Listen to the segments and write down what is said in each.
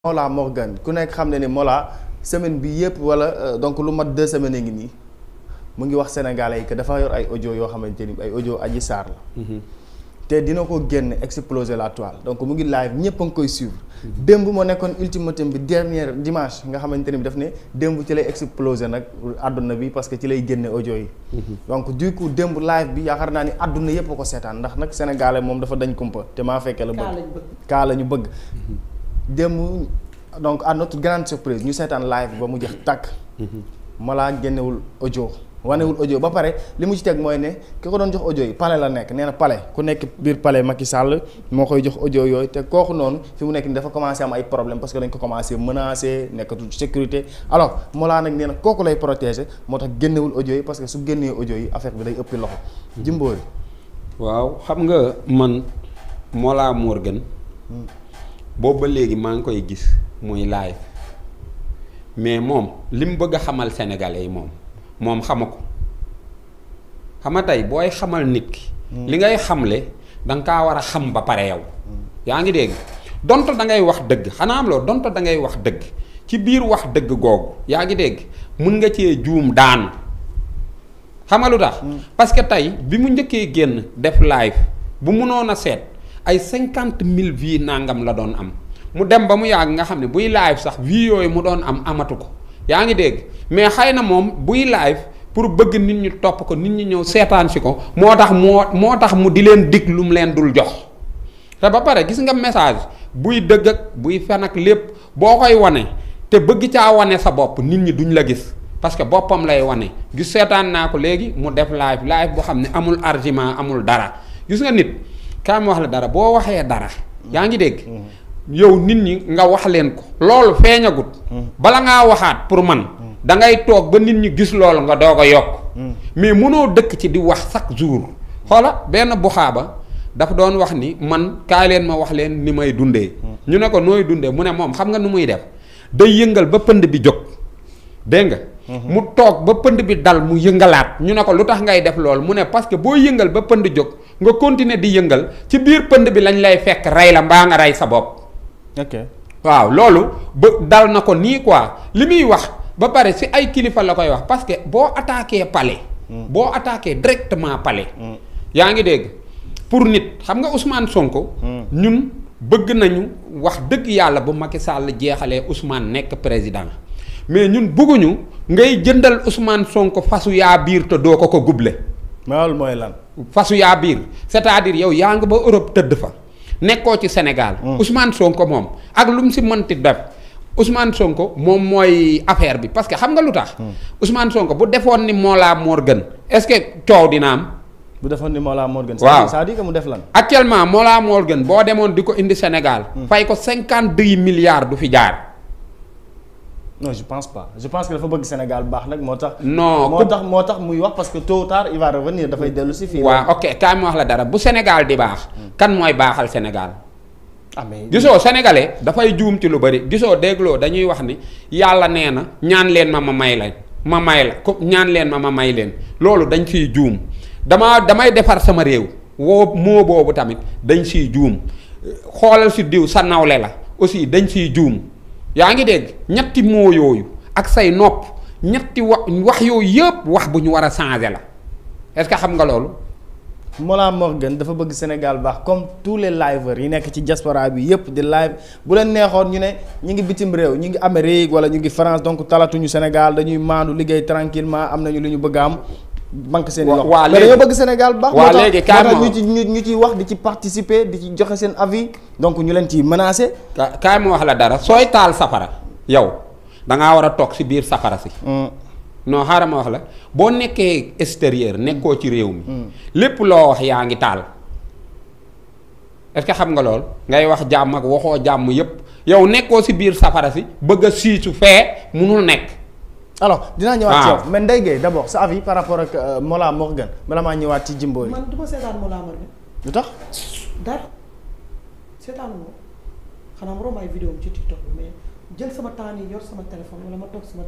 Mola Morgan ku nekk xam ne ni Mola semaine bi yëpp wala euh, donc lu mat deux semaine ngi nii mu ngi wax sénégalais yi que dafa yor ay audio yoo xamante ni ay audio Adji saar la. Mm-hmm. te dina ko génn exploser la toile donc mu ngi live ñëpp a ngi koy suivre. Mm-hmm. démb moo nekkoon ultimatum bi dernier dimanche nga xamante ni bi daf ne démb ci lay exploser nag àdduna bi parce que ci lay génne audio yi. Mm-hmm. donc du coup démb live bi yaakaar naa ni àdduna yëpp ko seetaan ndax nag sénégalais moom dafa dañ kumpa te fekkee la bëgg. kaa la ñu bëgg. démb donc à notre grande surprise ñu seetaan live ba mu jeex tàkk. Mollah génnewul audio wanewul audio ba pare li mu ci teg mooy ne ki ko doon jox audio yi palais la nekk nee na palais ku nekk biir palais Macky Sall moo koy jox ojo yooyu te kooku noonu fi mu nekk ni dafa commencé am ay problème parce que dañ ko commencé menacé nekkatul sécurité alors Mollah nag nee na kooku lay protéger moo tax génnewul ojo yi parce que su génnee ojo yi affaire bi day ëppi loxo. Jimbori. waaw xam nga man Mollah Morgun. Hmm. boobu ba léegi maa ngi koy gis muy live mais moom li mu bëgg a xamal sénégalais yi moom moom xama ko xama tey booy xamal nit ki. Mm. li ngay xamle danga kaa war a xam ba pare yow. yaa ngi dégg dont da ngay wax dëgg xanaa am loo donte da wax dëgg ci biir wax dëgg googu yaa ngi dégg mun nga cee juum daan xamalu tax mm. que tey bi mu njëkkee génn def live bu munoon a seet. ay cinquante mille vie nangam la doon am mu dem ba mu yàgg nga xam ne buy live sax vie yi mu doon am amatu ko yaa ngi dégg mais xëy na moom buy live pour bëgg nit ñi topp ko nit ñi ñëw seetaan si ko moo tax moo moo tax mu di leen dig lu mu leen dul jox te ba pare gis nga message buy dëgg ak buy fen ak lépp boo koy wane te bëgg caa wane sa bopp nit ñi duñ la gis parce que boppam lay wane gis seetaan naa ko léegi mu def live live boo xam ne amul argument amul dara gis nga nit. kaam wax la dara boo waxee dara. yaa ngi dégg. yow nit ñi nga wax leen ko. loolu feeñagut. bala ngaa waxaat pour man. da ngay toog ba nit ñi gis loolu nga doog a yokk. mais mënoo dëkk ci di wax chaque jour. xoola benn buxaaba dafa doon wax ni man kaay leen ma wax leen ni may dundee. ñu ne ko nooy dundee mu ne moom xam nga nu muy def. day yëngal ba pënd bi jóg dégg nga. mu toog ba pënd bi dal mu yëngalaat. ñu ne ko lu tax ngay def loolu mu ne parce que boo yëngal ba pënd jóg. nga continuer di yëngal ci biir pënd bi lañ lay fekk rey la mbaa nga rey sa bopp. waaw loolu ba dal na ko nii quoi li muy wax ba pare si ay kilifa la koy wax parce que boo attaqué pale hmm. boo attaqué directement pale hmm. yaa ngi dégg pour nit xam nga Ousmane Sonko. Hmm. ñun bëgg nañu wax dëgg yàlla bu Macky Sall jeexalee Ousmane nekk président mais ñun bëgguñu ngay jëndal Ousmane Sonko fasu yaa biir te doo ko ko guble. loolu mooy lan. fasu yaa biir c'est-à-dire yow yaa ngi ba Europe tëdd fa nekkoo ci Sénégal. Mm. Ousmane Sonko moom ak lu mu si mënti def Ousmane Sonko moom mooy affaire bi parce que xam nga lu tax. Mm. Ousmane Sonko bu defoon ni Mollah Morgun est-ce que coow dina am. bu defoon ni Mollah Morgun. waaw c'est-à-dire que mu def lan. actuellement Mollah Morgun boo demoon di ko indi Sénégal. Mm. fay ko cinquante deux milliards du fi jaar. non je pense pas je pense que bëgg Sénégal baax nag moo tax. non moo tax moo tax muy wax parce que tôt ou tard il va revenir dafay dellu si fii. waaw ok kaay ma wax la dara bu Sénégal di baax. Hmm. kan mooy baaxal Sénégal. ah mais gisoo sénégalais dafay juum ci lu bari gisoo dégloo dañuy wax ni yàlla nee na ñaan leen ma ma may la ma may la ko ñaan leen ma ma may leen loolu dañ ciy juum damaa damay defar sama réew woo moo boobu tamit dañ si juum xoolal si diw sa nawle la aussi dañ ciy juum. yaa ngi dégg ñetti moo yooyu ak say nopp ñetti wa wax yooyu yëpp wax bu ñu war a changer la est-ce que xam nga loolu. moo gën dafa bëgg Sénégal baax comme tous les liveurs yi nekk ci diaspora bi yëpp di live bu leen neexoon ñu ne ñu ngi bitim réew ñu ngi Amérique wala ñu ngi France donc talatuñu Sénégal dañuy maandu liggéey tranquillement am nañu lu ñu bëgg am banque seen i loxo waaw léegi mais dañoo bëgg Sénégal ciy wax di ci participer di ci joxe seen avis donc ñu leen ciy menacer. ka kaay mu wax la dara sooy taal safara yow da ngaa war a toog si biir safara si. Mm. non xaaral ma la boo nekkee extérieur nekkoo ci réew mi. Mm. lépp loo wax yaa ngi taal. est xam nga lool ngay wax jàmm ak waxoo jàmm yépp yow nekkoo si biir safara si bëgg a siisu fee munul nekk. alors dinaa ñëwaat ci ah. yow mais Ndeye Gueye d' sa avis par rapport ak euh, Mollah Morgun bala maa ñëwaat ci Jimbo yi. man du ma seetaan Mollah Morgun. lu tax. dara seetaan moo xanaa mu romb ay vidéo ci TikTok jël sama temps nii téléphone wala ma toog sama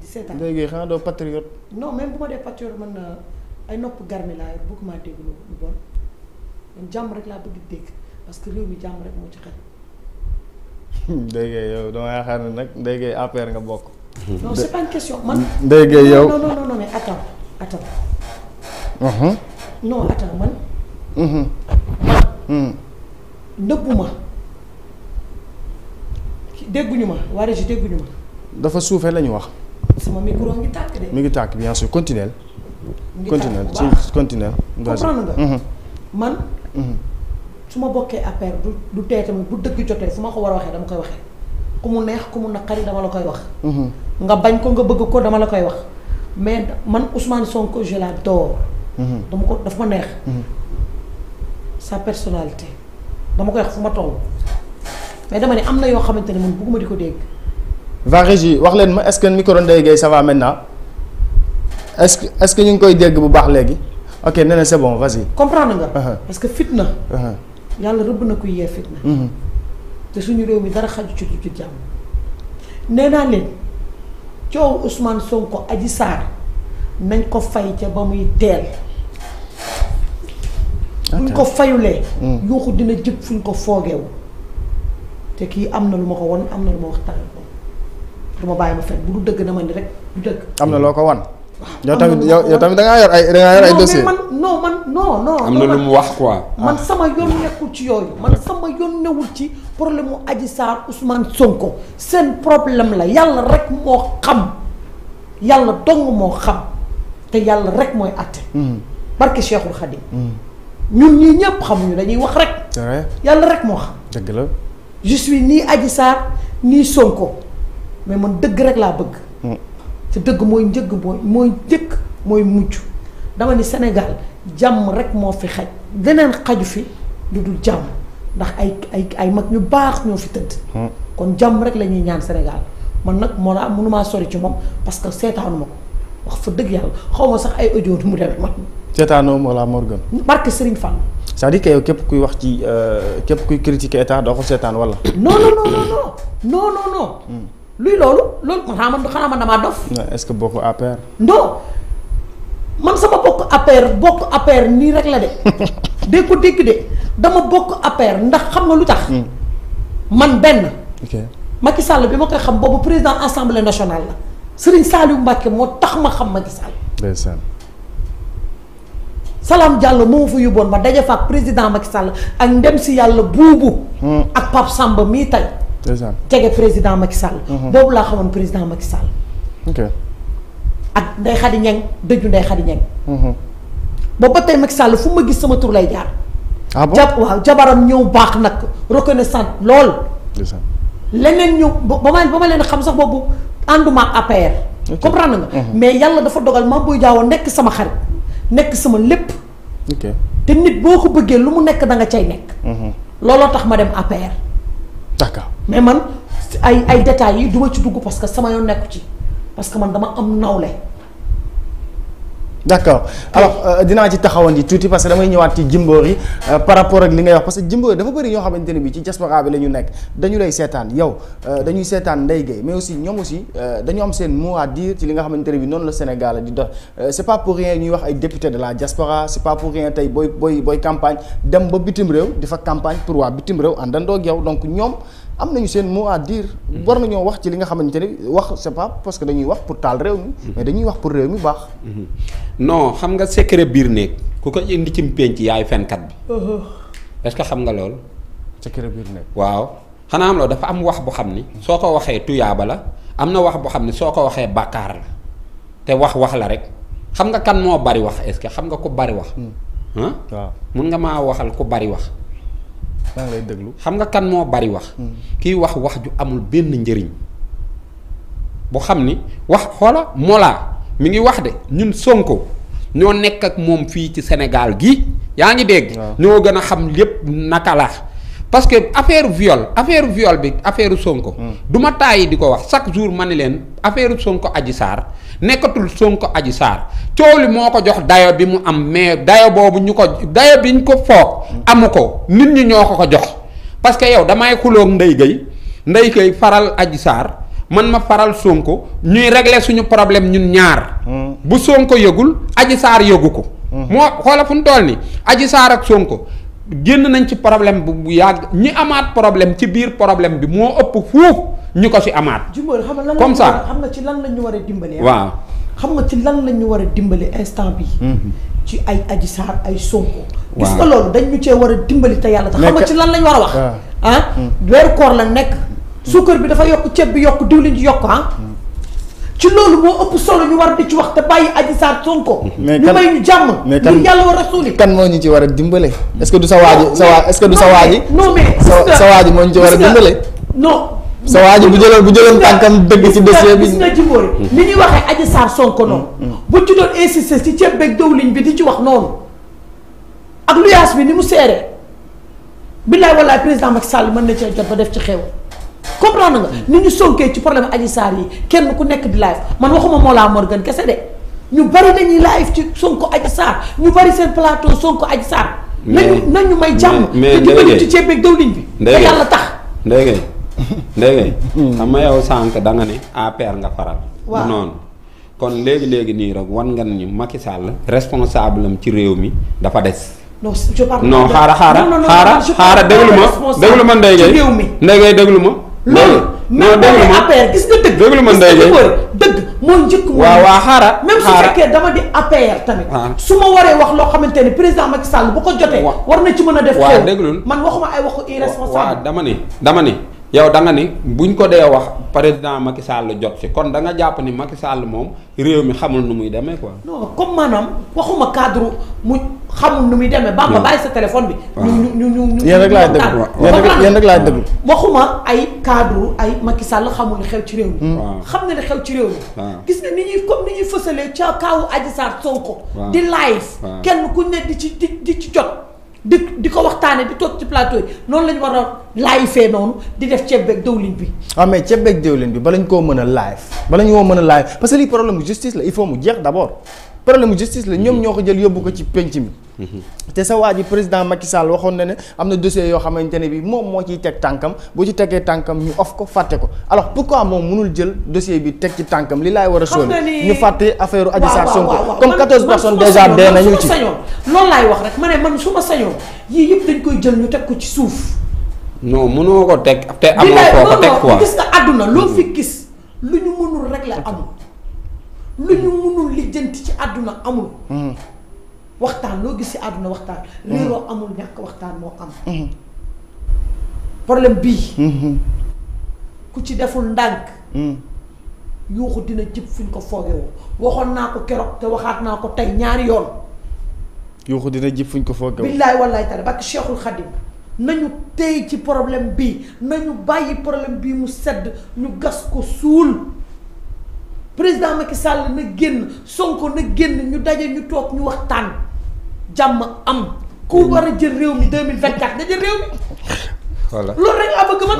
di seetaan. Ndeye Gueye xanaa doo patriote. non même bu ma dee patriote man euh, ay nopp garmi laa yor bëgguma déglu lu bon jàmm rek laa bëgg dégg parce que réew mi jàmm rek moo ci xel. Ndeye yow dama yaakaar ne nag Ndeye Gueye nga bokk. non c'est pas une question man. dégg yow non non non mais attends uh-huh. man. Uh-huh. man. nëbbu mm. dégguñu ma waa dégguñu dafa suufee la ñu wax. sama micro mi ngi tàkk de. mi ngi tàkk bien sûr continuel. continuel ci continuel. Uh-huh. man. su ma bokkee affaire du du tey tamit bu dëgg jotee su ma ko war a waxee dama koy waxee. ku mu neex ku mu naqari dama la koy wax. Mhm. nga bañ ko nga bëgg ko dama la koy wax mais man Ousmane Sonko je l'adore. Mhm. dama ko dafa ma neex. Mhm. sa personnalité dama koy wax fu ma toll mais dama ne am na yoo xamante ne man bëgguma di ko dégg. va yi wax leen ma est-ce que micro Ndeye Gueye ça va maintenant est que ñu ngi koy dégg bu baax léegi ok nee na c'est bon vas-y. comprendre nga. Uh-huh. parce fitna. Uh-huh. yàlla rëbb na kuy yee fitna. te suñu réew mi dara xaju ci ci jàmm nee naa leen coow soow ko aji Sarr nañ ko fay ca ba muy teel buñ ko fayulee hmm. yuuxu dina jëpp fuñ ko foogeewu te kii am na lu ma ko won am na lu ma waxtaan ko du ma bàyyi ma fen bu du dëgg dama ni rek du dëgg am na loo ko wan yow tamit yow yor ay da yor ay dossier man non man non non. am na lu mu wax quoi. man sama yoon nekkul ci yooyu. man sama yoon newul ci problème mu Adji Sarr Ousmane Sonko seen problème la yàlla rek moo xam yàlla dong moo xam te yàlla rek mooy àtte. Hmm. barke Cheikhul Khadim. Hmm. ñun ñi ñëpp xamuñu dañuy wax rek. yàlla rek moo xam. dëgg la je suis nii Adji Sarr nii Sonko mais man dëgg rek laa bëgg. te dëgg mooy njëgg mooy mooy njëkk mooy mujj dama ni Sénégal jàmm rek moo fi xaj leneen xaju fi lu dul jàmm ndax ay ay ay mag ñu baax ñoo fi tëdd. Hmm. kon jàmm rek la ñuy ñaan Sénégal man nag moo la mënumaa sori ci moom parce que seetaanuma ko wax fa dëgg yàlla xaw ma sax ay audio du mu demee man. seetaanoo Mollah Morgun. barke Serigne Fall. c'est-à-dire que yow képp kuy wax ci euh, képp kuy critiquer état doo ko seetaan wala. non non non non non non non non. Hmm. luy loolu loolu xanaa man xanaa man est-ce que bokk APR. non man sama bokk APR bokk APR nii rek la de. dégg ko dégg de dama bokk APR ndax xam nga lu tax. Hmm. man benn. ok Sall bi ma koy xam boobu président assemblée nationale la Serigne Saliou Mbacke moo tax ma xam ma Sall. ndeysaan. Salam Diallo moom fa yóbboon ma daje fa ak président Macky Sall ak ndem si yàlla buubu. Hmm. ak Pape Samba mii tey. jege président Macky Sall. Mhm. boobu laa xamoon président Macky Sall. ok ak Ndeye Khady Niang dëju Ndeye Khady Niang. Mhm. boobu ba tey Macky Sall fu ma gis sama tur lay jaar. ah bon jab waaw jabaram ñëw baax nag reconnaissant lool. leneen ñëw ba ma ba ma leen xam sax boobu ànduma ak APR. comprendre nga. Mhm. mais yàlla dafa dogal Mame Boye Diao nekk sama xarit nekk sama lépp. te nit boo ko bëggee lu mu nekk da nga cay nekk. looloo tax ma dem APR. d'accord. mais man ay ay détails yi duma ci dugg parce que sama yoon nekku ci parce que man dama am nawle. d' accord alors euh, dinaa ci taxawandi tuuti parce que damay ñëwaat ci jimboor yi euh, par rapport ak li ngay wax parce que jimboor dafa bëri ñoo xamante ne bi ci diaspora bi la ñu nekk dañu lay seetaan yow euh, dañuy seetaan Ndeye Gueye mais aussi ñoom aussi dañu am seen mot à dire ci li nga xamante ne bi noonu la Sénégal di dox c' est pas pour rien ñuy wax ay député la diaspora c' est pas pour rien tey booy dem ba bitim réew di fa campagne pour waa bitim réew àndandoo ak donc ñoom. am nañu seen mot à dire. Mm-hmm. na ñoo wax ci li nga xamante ne wax c'est pas parce que dañuy wax pour taal réew mi. Mm-hmm. mais dañuy wax pour réew mi baax. Mm-hmm. non xam nga secret biir néeg ku ko indi ci penc yaay fenkat bi. Uh-huh. est-ce que xam nga loolu. secret biir néeg waaw. xanaa am loolu dafa am wax bu xam ni soo ko waxee tuyaaba la am na wax bu xam ni soo ko waxee bàkkaar la te wax wax la rek xam nga kan moo bari wax est-ce que xam nga ku bari wax. ah mun nga maa waxal ku bari wax. maa xam nga kan moo bari wax. Hmm. kiy wax wax ju amul benn njëriñ. bu xam ni wax xoola mola mi ngi wax de ñun Sonko ñoo nekk ak moom fii ci senegal gi yaa ngi dégg. ñoo gën a xam lépp naka la parce que affaire viol affaire viol bi affaire Sonko. Hmm. du ma tàyyi di ko wax chaque jour ma ne leen affaire Sonko Adji Sarr nekkatul Sonko Adji Sarr coow li moo ko jox dayo bi mu am mais dayo boobu ñu ko dayo ñu ko foog amu ko nit ñi ñoo ko ko jox parce que yow damay xuloog Ndeye Gueye Ndeye Gueye faral Adji Sarr man ma faral Sonko ñuy régler suñu problème ñun ñaar hmm. bu Sonko yëgul Adji Sarr yëgu ko hmm. moo xoola fu mu toll ni Adji Sarr ak Sonko génn nañ ci problème bu bu yàgg ñi amaat problème ci biir problème bi moo ëpp fuuf ñu ko fi amaat. comme ça xam na ci lan la ñu war a dimbalee. Ah? waaw xam nga ci lan la ñu war a dimbalee instant bi mhm. ci ay Adji Sarr ay Sonko. waaw gis nga loolu dañ ñu cee war a dimbali te yàlla tax. xam nga ci lan lañu war a wax. ah mhm. weeru koor la nekk. suukar bi dafa yokk ceeb bi yokk diwlin ji yokk ah. Mhm. ci loolu moo ëpp solo ñu war di ci wax te bàyyi Adji Sarr Sonko. mais kan ñu may ñu jàmm. mais kan yàlla war a suuli. kan moo ñu ci war a dimbale. est-ce que du sa waaji sa waa est-ce que du sa waa non mais sa waaji moo ñu ci war a dimbale. sa waa ji bu jëloon bu jëloon tànkam dëgg ci dossier bi gis nga jibóori li ñuy waxee Adji Sarr Sonko noonu mm, mm, mm. bu ci doon insisté ci ceeb beeg dawliñ bi di ci wax noonu ak luyaas bi ni mu seeree billaay wallaay président Macky Sall mën na cee jot ba def ci xew comprendre nga ni ñu sonkee ci problème Adji Sarr yi kenn ku nekk di live man waxuma Mollah Morgun kese de ñu bari dañuy live ci sonk Adji Sarr ñu bari seen plateau Sonko Adji Sarr nañu nañu may jàmm te jubali ci ceeb beeg dawliñ bi tax ndéy léegi hmm. xam nga yow sànq danga nga ne APR nga faral. waaw noonu kon léegi léegi nii rek wan nga ni Macky Sall responsable am ci réew mi dafa des. non je parle non xaara xaara xaara xaara déglu ma déglu ma Ndeye Gueye Ndeye Gueye déglu ma. loolu même boo nee APR gis nga dëgg. déglu ma Ndeye Gueye dëgg mooy njëkk. waa waaw xaara même dama di APR tamit. Ah. su ma waree wax loo xamante ni président Macky sàll bu ko jotee. war na ci mën a def. waaw déglul man waxuma ay waxu irresponsable. waaw dama ni yow da nga ni buñ ko dee wax président Macky Sall jot si kon da nga jàpp ni Macky Sall moom réew mi xamul nu muy demee quoi. non comme maanaam waxuma cadre mu xamul nu muy demee. ba ma bàyyi sa téléphone bi. ñu ñu ñu ñu yéen rek laay déglu waaw waxuma ay cadre ay Macky Sall xamul li ci réew hmm. xam nga ne ci réew gis nga ni ñuy ca kawu Adji Sarr Sonko. di live kenn ku ne di ci di di ci jot. di di ko waxtaanee di toog ci plateau yi noonu la ñu war a laay fee noonu di def ceeb beeg diwlin bi. waaw ah, mais ceeb beeg diwlin bi bala ñu koo mën a live bala ñu koo mën a live parce que lii problème justice la il faut mu jeex d' problème justice la ñoom mhm. ñoo ko jël yóbbu ko ci penc mi. Mhm. te sa waa ji président Macky waxoon na ne am na dossier yoo xamante ne bi moom moo ciy teg tànkam boo ci tegee tànkam ñu of ko fàtte ko alors pourquoi moom mënul jël dossier bi teg ci tànkam li laay war a sóole ñu fàtte affaire Adji Sarr Sonko comme 14 personnes déjà dee nañu ci loolu laay wax rek ma ne man su ma sañoon yii yëpp dañ koy jël ñu teg ko ci suuf non mënoo ko teg te amoo foo ko teg quoi gis nga àdduna loo fi mhm. gis lu ñu mënul rek la amul lu ñu munul lijjanti ci àdduna amul. Hmm. waxtaan loo gis ci àdduna waxtaan. Hmm. réeroo amul ñàkk waxtaan moo am. Hmm. problème bii. ku ci deful ndànk. yuuxu dina jib fi ñu ko foogewoo waxoon naa ko keroog te waxaat naa ko tey ñaari yoon. yuuxu dina jib fu ñu ko foogewoo. billaay wallaay taala bakk Cheikhul Khadim nañu tey ci problème bii nañu bàyyi problème bii mu sedd ñu gas ko suul. président Macky Sall na génn Sonko na génn ñu daje ñu toog ñu waxtaan jàmm am ku war a jël réew mi 2024 nga jël réew mi. loolu rek laa bëgg man.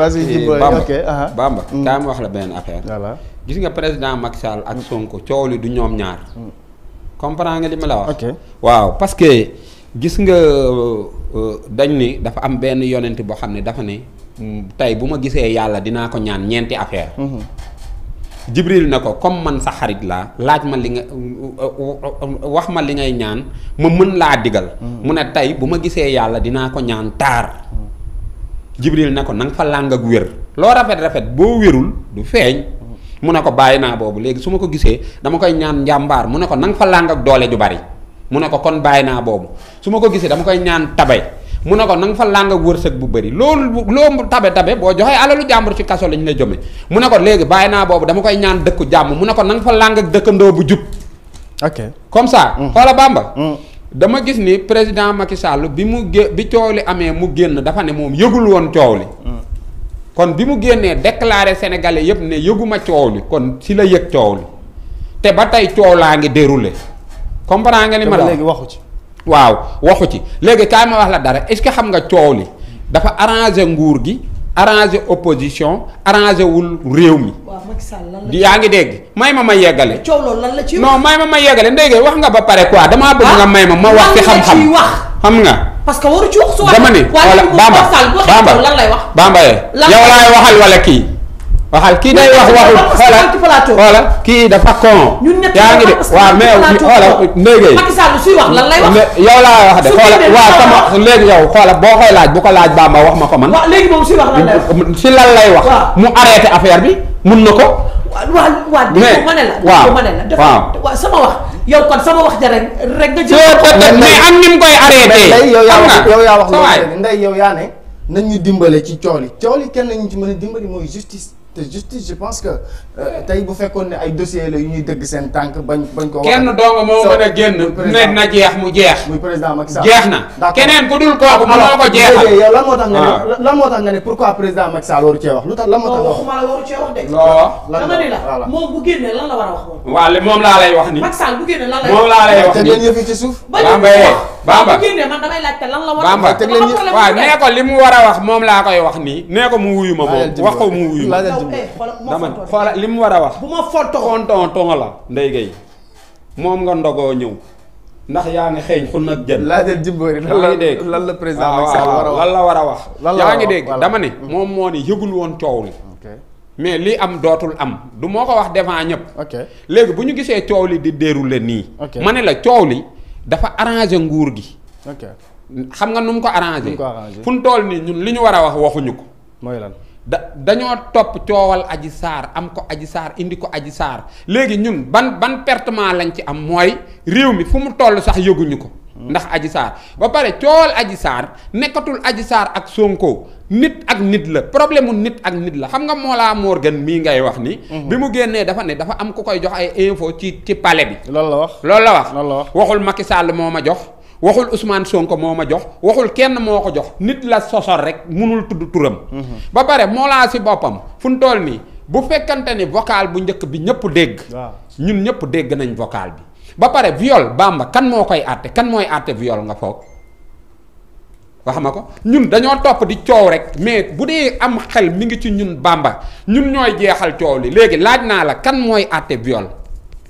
Bamba daa mm. wax la benn affaire. gis nga président Macky Sall ak Sonko coow li du ñoom ñaar. Mm. comprends nga li ma la wax. waaw parce que gis nga euh, euh, dañ ni dafa am benn yonent boo xam ne dafa ne mm, tey bu ma gisee yàlla dinaa ko ñaan ñeenti affaire. Mm-hmm. jibril ne ko comme man sa xarit laa laaj ma li nga wax ma li ngay ñaan ma mën laa digal mu ne tey bu ma gisee yàlla dinaa ko ñaan taar jibril ne ko na nga fa làng ak wér loo rafet-rafet boo wérul du feeñ mu ne ko bàyyi naa boobu léegi su ma ko gisee dama koy ñaan njàmbaar mu ne ko na fa làng ak doole ju bari mu ne ko kon bàyyi naa boobu su ma ko gisee dama koy ñaan tabay mu ne ko na nga fa làng ak wërsëg bu bëri loolu loo tabe tabe boo joxee alalu jàmbur ci kaso lañ la jëme mu ne ko léegi bàyyi naa boobu dama koy ñaan dëkku jàmm mu ne ko na nga fa làng ak dëkkandoo bu jub comme ça mm. xoola bàmba mm. dama gis ni président Macky Sall bi mu gé bi coow li amee mu génn dafa ne moom yëgul woon coow li mm. kon bi mu génnee déclaré sénégalais yëpp ne yëguma coow li kon si la yëg coow li te ba tey coow laa ngi déroulé comprend nga waxu ci waaw waxu ci léegi kaay ma wax la dara est-ce que xam nga coow li dafa arrangé nguur gi arrangé opposition arrangé wul réew mi. waaw Macky Sall yaa ngi dégg may ma ma yeggale. coow lan la ci non may ma ma yeggale ndéyge wax nga ba pare quoi damaa bëgg nga may ma ma wax ci ah, xam-xam xam nga. parce que waru ci wax su dama ne Bamba Bamba lan lay wax. Bamba eh. yow laay waxal wala kii. waxal kii day wax waxul kii dafa con. yaa ngi de waaw mais xoolal léegi. Macky Sall suy wax lan lay wax. yow laa wax de xoolal waaw sama léegi yow xoolal boo koy laaj bu ko laaj Bamba wax ma ko man. waaw léegi moom lay wax. si lan lay wax. mu arrêté affaire bi mun na ko. waaw waaw déggoo ma ne la. waaw waaw sama wax. yow kon sama wax ja rek rek nga jël. mais am ni mu koy arrêté. yow yaa wax loolu yow yaa ne. nañ ñu dimbale ci cool yi cool yi kenn lañu ci mën a dimbali mooy justice te justice je pense que euh, tey bu fekkoon ne ay dossiers la yu ñuy dëgg seen tànk bañ bañ ko. wax kenn doonga moo mën jeex mu jeex. muy président Macky Sall na. keneen ku dul kooku mënoo ko jeexal. yow lan ne ah. lan moo tax nga ne pourquoi président lu tax lan la waru cee wax de. lan la moom bu génnee a wax moom. waaw li eh, te ngeen yëfi la wax. bamba waaw nee ko li mu war a moom wax ko mu wuyu ma moom wax ko mu wuyu ma xoola li mu war a wax. bu ma fon tonton tonton la. Ndeye Gueye moom nga ndogoo ñëw. ndax yaa ngi xeeñ xul nag jën. laajal jimboori lan la lan la président Macky Sall ah, war a wax la yaa ngi dégg dama ne. moom moo ni yëgul woon coow li. mais li am dootul am du moo ko wax devant ñëpp. ok léegi bu ñu gisee coow li di déroulé nii. ma ne la coow li dafa arrangé nguur gi. ok xam nga nu mu ko arrangé. fu mu toll nii ñun li ñu war a wax waxuñu ko. mooy lan. da dañoo topp coowal aji saar am ko aji saar indi ko aji saar léegi ñun ban ban pertement lañ ci am mooy réew mi fu mu toll sax yëguñu ko. ndax aji saar ba pare coowal aji saar nekkatul aji saar ak Sonko nit ak nit la problème mu nit ak nit la xam nga moo Mollah Morgun mii ngay wax ni. Mhm. bi mu génnee dafa ne dafa am ku koy jox ay info ci ci palais bi. loolu la wax loolu la wax. waxul Macky Sall moo ma jox. waxul Ousmane Sonko moo ma jox waxul kenn moo ko jox nit la sosor rek munul tudd turam. Mhm. ba pare moo laa si boppam fu mu toll nii bu fekkante ni vocal bu njëkk bi ñëpp dégg. ñun ñëpp dégg nañ vocal bi. ba pare viol bàmba kan moo koy àtte kan mooy àtte viol nga foog wax ma ko ñun dañoo topp di coow rek mais bu dee am xel mi ngi ci ñun bàmba ñun ñooy jeexal coow li léegi laaj naa la kan mooy àtte viol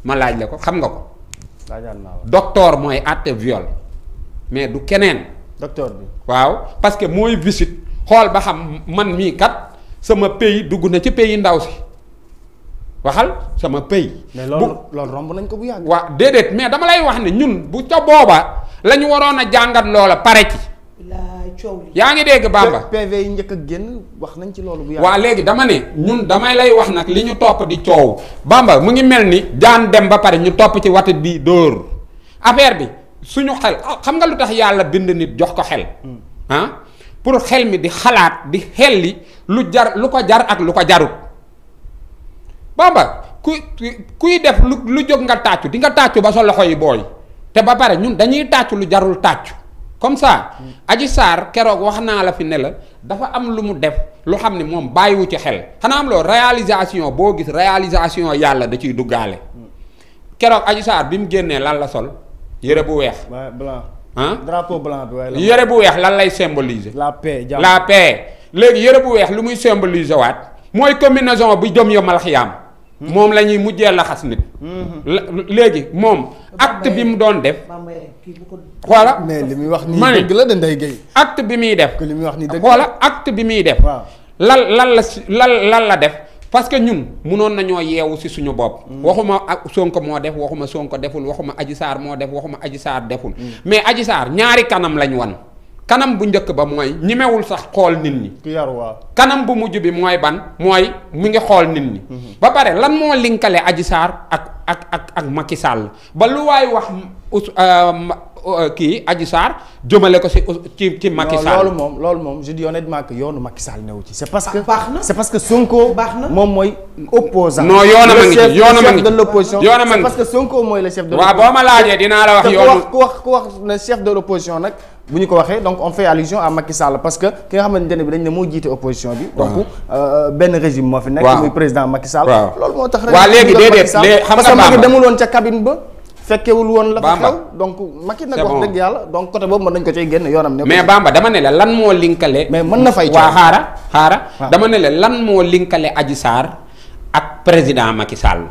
ma laaj la ko xam nga ko. docteur mooy àtte viol. mais du keneen. docteur bi waaw parce que mooy visite xool ba xam man mii kat sama pays dugg na ci pays ndaw si waxal sama pays. mais loolu loolu romb nañ ko bu waa waaw mais dama lay wax ne ñun bu ca booba la ñu waroon a jàngat loola pare ci. yaa ngi dégg Bamba PV yi njëkk a génn wax nañ ci loolu bu waa léegi dama ne ñun damay lay wax nag li ñu topp di coow Bamba mu ngi mel ni jaan dem ba pare ñu topp ci watit bi dóor affaire bi. suñu xel ah, xam nga lu tax yàlla bind nit jox ko xel hmm. ah pour xel mi di xalaat di xel li lu jar lu ko jar ak lu ko jarut bamba ku kuy def lu lu jóg nga tàccu di nga tàccu ba sa loxo yi booy te ba pare ñun dañuy tàccu lu jarul tàccu comme ça hmm. aji saar keroog wax naa la fi ne la dafa am lu mu def lu xam ne moom bàyyiwu ci xel xanaa am loo réalisation boo gis réalisation yàlla da ciy duggaale hmm. keroog aji saar bi mu génnee lan la sol yére bu weex. blanc. ah drapeau blanc bi yére bu weex lan lay symboliser. la paix la paix. léegi yére bu weex lu muy symboliser waat mooy combinaison bi jom yomal xiyaam. Hmm. moom la ñuy mujjee laxas nit. Hmm. léegi moom acte bi mu doon def. xoola mais li muy wax nii dëgg la Ndeye Gueye acte bi muy def. li muy wax nii dëgg la xoola acte bi muy def. lan lan la si lan la def. parce que ñun munoon nañoo yeewu ci suñu bopp. Mm. waxuma Sonko moo def waxuma sonk deful waxuma Adji Sarr moo def waxuma Adji Sarr deful. Mm. mais Adji Sarr ñaari kanam lañ wan. kanam bu njëkk ba mooy ñemewul sax xool nit ñi. waa kanam bu mujj bi mooy ban mooy mu ngi xool nit ñi. Mhm. ba pare lan moo linkale Adji Sarr ak ak ak ak Macky Sall ba lu waay wax us euh, euh, kii Adji Sarr ko si ci ci Macky loolu moom loolu moom je dis yoonu Macky Sall ci. c'est parce ah, que baax baax na moom mooy. opposant non yoonu ma ngi ci yoonu ngi ci de l'opposition c'est parce que Sonko mooy le chef de l'opposition. waaw boo ma laajee dinaa la wax yoonu ku wax ku wax bu ñu ko waxee donc on fait allusion à Macky Sall parce que ki nga xamante ne bi dañ ne moo jiite opposition bi. donc euh, benn régime moo fi nekk. muy président Macky Sall. waaw loolu moo tax. waaw léegi déedéet xam nga parce que Macky demul woon ca cabine ba. fekkewul woon la fa xew donc Macky nag wax dëgg yàlla donc côté boobu mën nañ ko cay génn yoonam ne mais Bamba dama ne la lan moo linkale mais mën na fay waa xaara xaara dama ne la lan moo linkale Adji Sarr ak président Macky Sall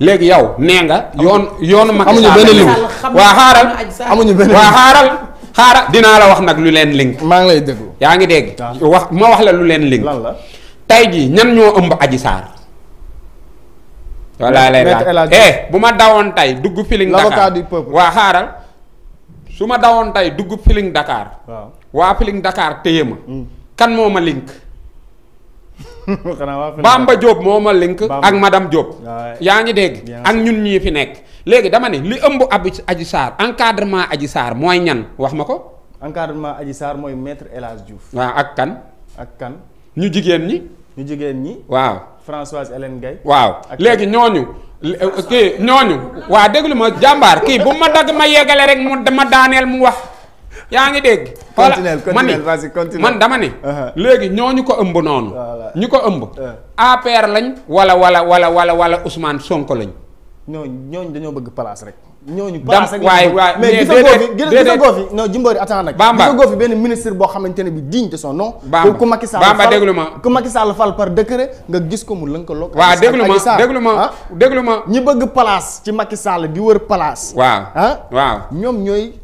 léegi yow nee nga yoon yoonu Macky Sall amuñu benn link waa xaaral amuñu benn waa xaaral xaara dinaa la wax nag lu leen link. maa ngi lay déglu. yaa ngi dégg. wax ma wax la lu leen link. lan la tey jii ñan ñoo ëmb aji saar. walla lay laaj eh bu ma dawoon tey dugg Feeling Dakar l'avocat waa xaaral su ma dawoon tey dugg Feeling Dakar. waaw waa Feeling Dakar téye ma. Mm. kan moo ma link. Bamba Diop moo ma link ak madame Diop yaa ngi dégg ak ñun ñii fi nekk léegi dama ne li ëmb abu Adji Sarr encadrement aji Sarr mooy ñan wax ma ko encadrement Adji Sarr mooy maître El Hadj Diouf ak kan ak kan ñu jigéen ñi ñu jigéen ñi waaw Françoise waaw léegi ñooñu kii ñooñu waa déglu ma jàmbaar kii bu ma dagg ma yeggale rek mu ma daaneel mu wax yaa ngi dégg. voilà man man dama ne. Uh-huh. léegi ñu ko ëmb noonu. ñu uh-huh. ko ëmb. APR lañ. wala wala wala wala wala Ousmane Sonko lañ. ñooñu ñooñu dañoo bëgg place rek. ñooñu place rek waay waay mais gisa goo fi non Jimbori attends nag Bamba gisa goo fi benn boo xamante ne bi digne de son nom Bamba ku Macky Sall Bamba ma ku Macky Sall fal par décret nga gis ko mu lënkaloog waaw déglu ma déglu ma ah? déglu ma ñi bëgg place ci Macky Sall bi wër place waa ah ñoom ñooy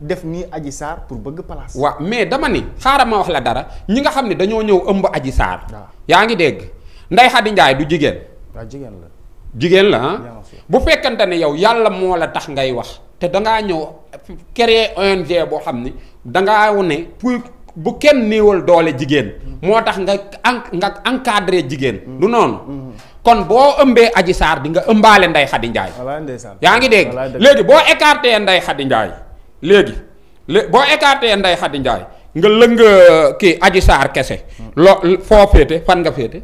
def nii aji Sarr pour bëgg place. waaw mais dama ni xaaral ma wax la dara ñi nga xam ne dañoo ñëw ëmb aji saar yaa ngi dégg Ndeye Khady Ndiaye du jigéen. waaw jigéen la. jigéen la ah? bu fekkante ne yow yàlla moo la tax ngay wax te dangaa ñëw créer ONG boo xam ni dangaa wone pour bu kenn néewal doole jigéen. moo tax nga nga encadré jigéen. Mm. du noonu. Mm-hmm. kon boo ëmbee Adji Sarr di nga ëmbaale Ndeye Khady Ndiaye. yaa ngi dégg léegi boo écarté Ndeye Khady Ndiaye. léegi lé boo écarté Ndeye Khady Ndiaye nga lëng euh, kii Adji Sarr kese. loo foo féete fan nga féete.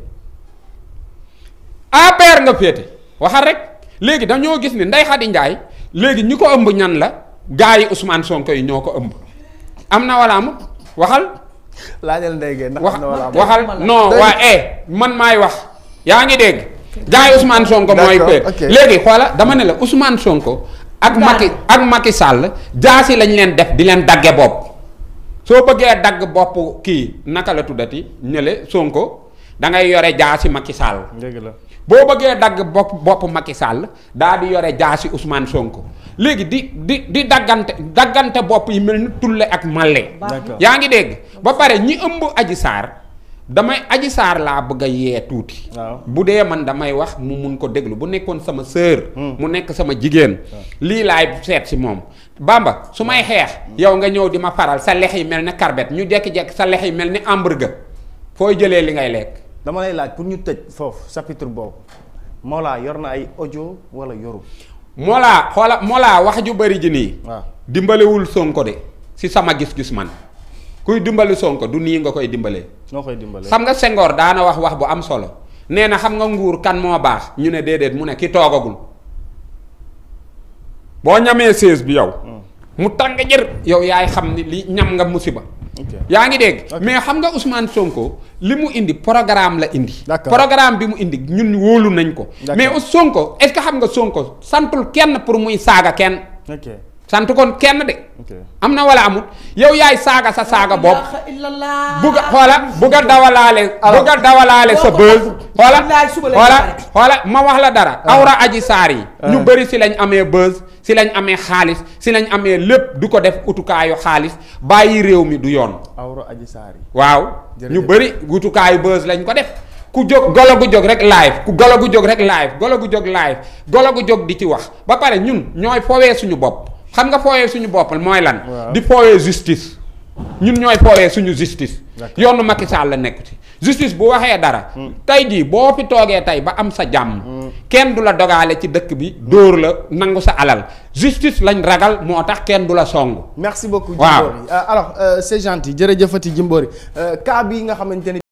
APR nga féete waxal rek léegi dañoo gis ni Ndeye Khady Ndiaye léegi ñi ko ëmb ñan la gaa yi Ousmane Sonko yi ñoo ko ëmb am na wala amut waxal. laajal ndeyge ndax am na wala waxal non waa eh man maay wax yaa ngi dégg. gaa yi Ousmane Sonko mooy. d'accord léegi xoola dama ne la Ousmane Sonko. ak Macky ak Macky Sall jaasi lañ leen def di leen dagge bopp soo bëggee dagg bopp kii naka la tuddati ñële Sonko da ngay yore jaasi maki Sall. dëgg la boo bëggee dagg bopp bopp maki sàll daa di yore jaasi Ousmane Sonko léegi di di di daggante daggante bopp yi mel ni Tulle ak male yaa ngi dégg ba pare ñi ëmb aji Sarr. damay aji saar laa bëgg a yee tuuti. bu dee man damay wax mu mun ko déglu bu nekkoon sama sœur. Hmm. mu nekk sama jigéen. Hmm. lii laay seet si moom. bamba su may hmm. xeex. yow nga ñëw di ma faral sa lex yi mel ne karbet ñu jekki-jekki sa lex yi mel ni hamburger fooy jëlee li ngay lekk. dama lay laaj pour ñu tëj foofu chapitre moo laa yor na ay ojo wala yoru. moo Mollah xoola laa wax ju bari ji nii. dimbalewul Sonko de si sama gis-gis man. kuy dimbali Sonko du nii nga koy dimbalee. noo koy dimbalee xam nga Senghor daana wax wax bu am solo nee na xam nga nguur kan moo baax ñu ne déedéet mu ne ki toogagul boo ñamee sées bi yow. Hmm. mu tàng jër yow yaay xam ni li ñam nga musiba. yaa ngi dégg mais xam nga usmaan Sonko li mu indi programme la indi. programme bi mu indi ñun wóolu nañ ko. mais Sonko est-ce xam nga Sonko santul kenn pour muy saaga kenn. sant kon kenn de. am na wala amut yow yaay saaga sa saaga bopp. bugg a xoola bugg a dawalaale. bugg a dawalaale sa bëz. xoola xoola xoola ma wax la dara. Ah. awra aji saar yi. ñu ah. bëri si lañ amee bëz si lañ amee xaalis si lañ amee lépp du ko def utukaayu xaalis bàyyi réew mi du yoon. aji saar yi. waaw ñu bëri utukaayu bëz lañ ko def. ku jóg golo gu jóg rek live ku golo gu jóg rek live golo gu jóg live golo gu jóg di ci wax ba pare ñun ñooy fowee suñu bopp. xam nga fooyee suñu boppal mooy lan. di fooyee justice. ñun ñooy fooyee suñu justice. yoonu Macky Sall la nekk ci justice bu waxee dara. Hmm. tey jii boo fi toogee tey ba am sa jàmm. Hmm. kenn du la dogaale ci dëkk bi dóor la nangu sa alal justice lañ ragal moo tax kenn du la songu merci beaucoup. waaw Jimbori euh, alors euh, c'est gentil jërëjëfati Jimbori euh, cas bii nga xamante ni